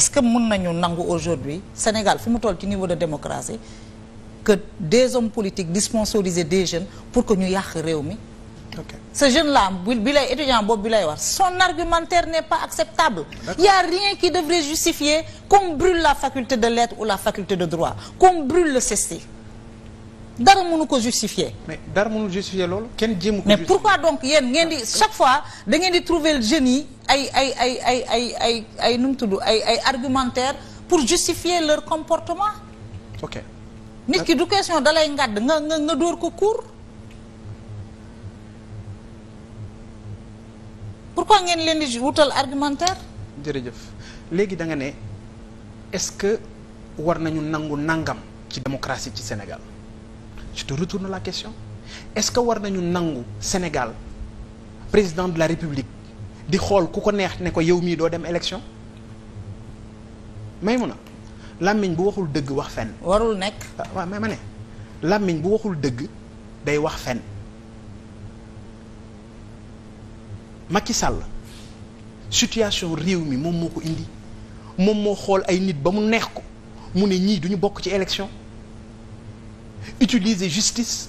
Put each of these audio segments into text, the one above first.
est-ce que mën nañu nangu aujourd'hui Sénégal fu mu toll ci niveau de démocratie que des hommes politiques di des jeunes pour que ñu yàq réew mi ok ce jeune là bi lay étudiant boobu bi lay wax son argumentaire n'est pas acceptable il y a rien qui devrait justifier qu'on brûle la faculté de lettres ou la faculté de droit qu'on brûle le CESTI dara mënu ko justifier mais dara mënu justifier loolu kenn jéem ko mais pourquoi donc yéen ngeen di chaque fois da ngeen di trouver le yi ay ay ay ay ay ay ay nu mu tudd ay ay argumentaire pour justifier leur comportement ok nit ki du question dalay ngàdd nga nga nga dóor ko kuur pourquoi ngeen leen di wutal argumentaire jërëjëf léegi da nga ne est-ce que war nañu nangu nangam ci démocratie ci Sénégal je te retourne la question est-ce que war nañu nangu Sénégal président de la République di xool ku ko neex ne ko yow mii doo dem élection may mun a làmmiñ bu waxul dëgg wax fenn. warul nekk. Ah, waaw mais ma ne làmmiñ bu waxul dëgg day wax fenn Macky Sall situation réew mi moom moo ko indi moom moo xool ay nit ba mu neex ko mu ne ñii duñu bokk ci élection. utiliser justice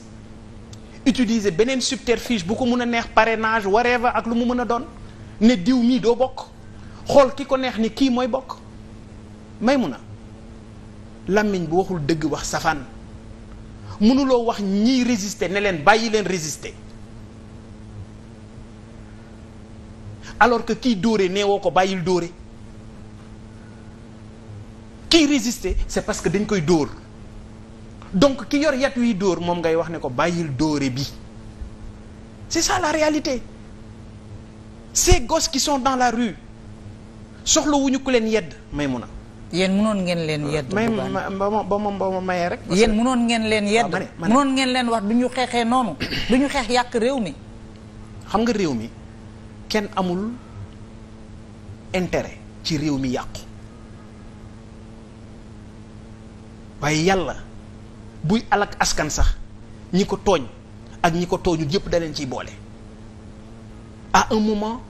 utiliser beneen subterfuge bu ko mun a neex parrainage whatever ak lu mu mën a doon ne diw mii doo bokk xool ki ko neex ni kii mooy bokk may mun a làmmiñ bu waxul dëgg wax safaan mënuloo wax ñii résister ne leen bàyyi leen résister alors que kii dóore neewoo ko bàyyil dóore kii résister c'est parce que dañ koy dóor donc ki yor yat wiy dóor moom ngay wax ne ko bàyyil dóore bi c'est ça la réalité ces gosses qui sont dans la rue soxlawuñu ku leen yedd may mun a. yéen mënoon ngeen leen yedd. may ba ma ba rek. yéen mënoon ngeen leen ah, yedd. mënoon ngeen leen wax du ñu xeexee noonu du ñu xeex yàq réew mi. xam nga réew mi kenn amul intéret ci réew mi yàqu waaye yàlla. buy alak askan sax ñi ko tooñ ak ñi ko tooñu yëpp da leen ciy boole à un moment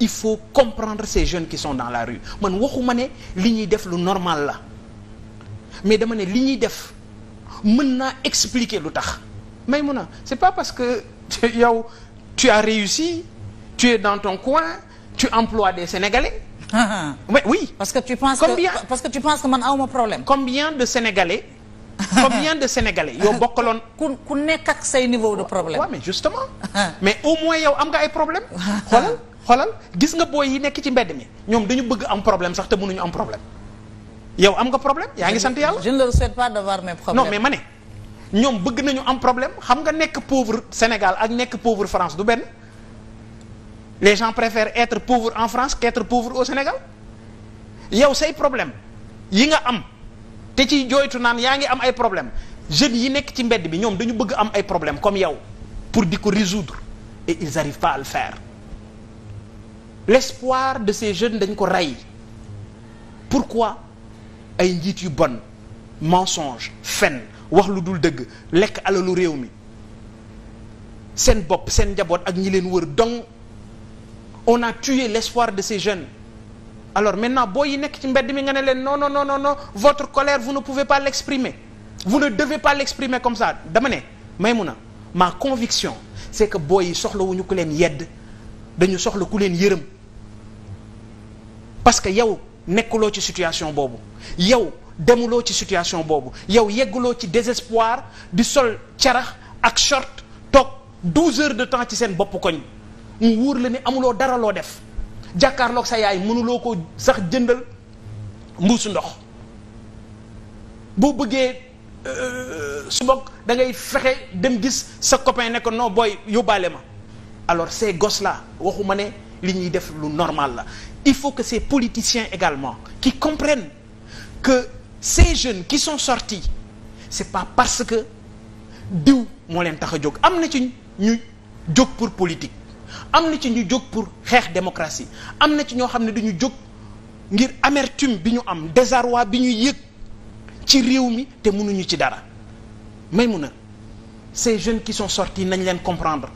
il faut comprendre ces jeunes qui sont dans la rue man waxuma ne li ñuy def lu normal la mais dama ne li ñuy def mën naa expliquer lu tax may mun a c'est pas parce que yow tu as réussi tu es dans ton coin tu emploies des Sénégalais mais oui parce que tu penses que parce que tu penses que man awma problème combien de Sénégalais combien de sénégalais yow bokkaloon. ku nekk ak say niveau de problème. waaw mais justement. mais au moins yow am nga ay problème xoolal xoolal gis nga booy yi nekk ci mbedd mi ñoom dañu bëgg am problème sax te mënuñu am problème yow am nga problème yaa ngi sant yàlla. je ne leur souhaite pas d'avoir mes problèmes. mais ma ne ñoom bëgg nañu am problème xam nga nekk pauvre Sénégal ak nekk pauvre France du benn les gens préfèrent être pauvre en France qu'être pauvre au Sénégal yow say problème yi nga am. te ci jooytu naan yaa ngi am ay problème jeunes yi nekk ci mbedd bi ñoom dañu bëgg am ay problème comme yow pour di ko résoudre et ils arrivent pas à le faire l'espoir de ces jeunes dañ ko rey pourquoi ay njiit yu bon mensonge fen wax lu dul dëgg lekk alalu réew mi seen bopp seen njaboot ak ñi leen wër donc on a tué l'espoir de ces jeunes alors maintenant boo yi nekk ci mbedd mi nga ne leen non non non non votre colère vous ne pouvez pas l'exprimer vous ne devez pas l'exprimer comme ça dama ne a ma conviction c'est que booy yi soxlawuñu ko leen yedd dañu soxla ku leen yërëm parce que yow nekkuloo ci situation boobu yow demuloo ci situation boobu yow yegguloo ci désespoir di sol carax ak short toog 12 heures de temps ci seen bopp koñ mu wóor la ni amuloo dara loo def jàkkaarloog sa yaay mënuloo ko sax jëndal mbuusu ndox boo bëggee euh, su bokk da ngay fexe dem gis sa copain ne ko non booy yóbbaale ma alors ces gosses là waxuma ne li ñuy def lu normal la il faut que ces politiciens également qui comprennent que ces jeunes qui sont sortis c'est pas parce que diw moo leen tax a jóg am na ci ñu jóg pour politique am na ci ñu jóg pour xeex démocratie am na ci ñoo xam ne dañu jóg ngir amertume bi ñu am désarroi bi ñuy yëg ci réew mi te mënuñu ci dara may mun a ces jeunes qui son sortis nañ leen comprendre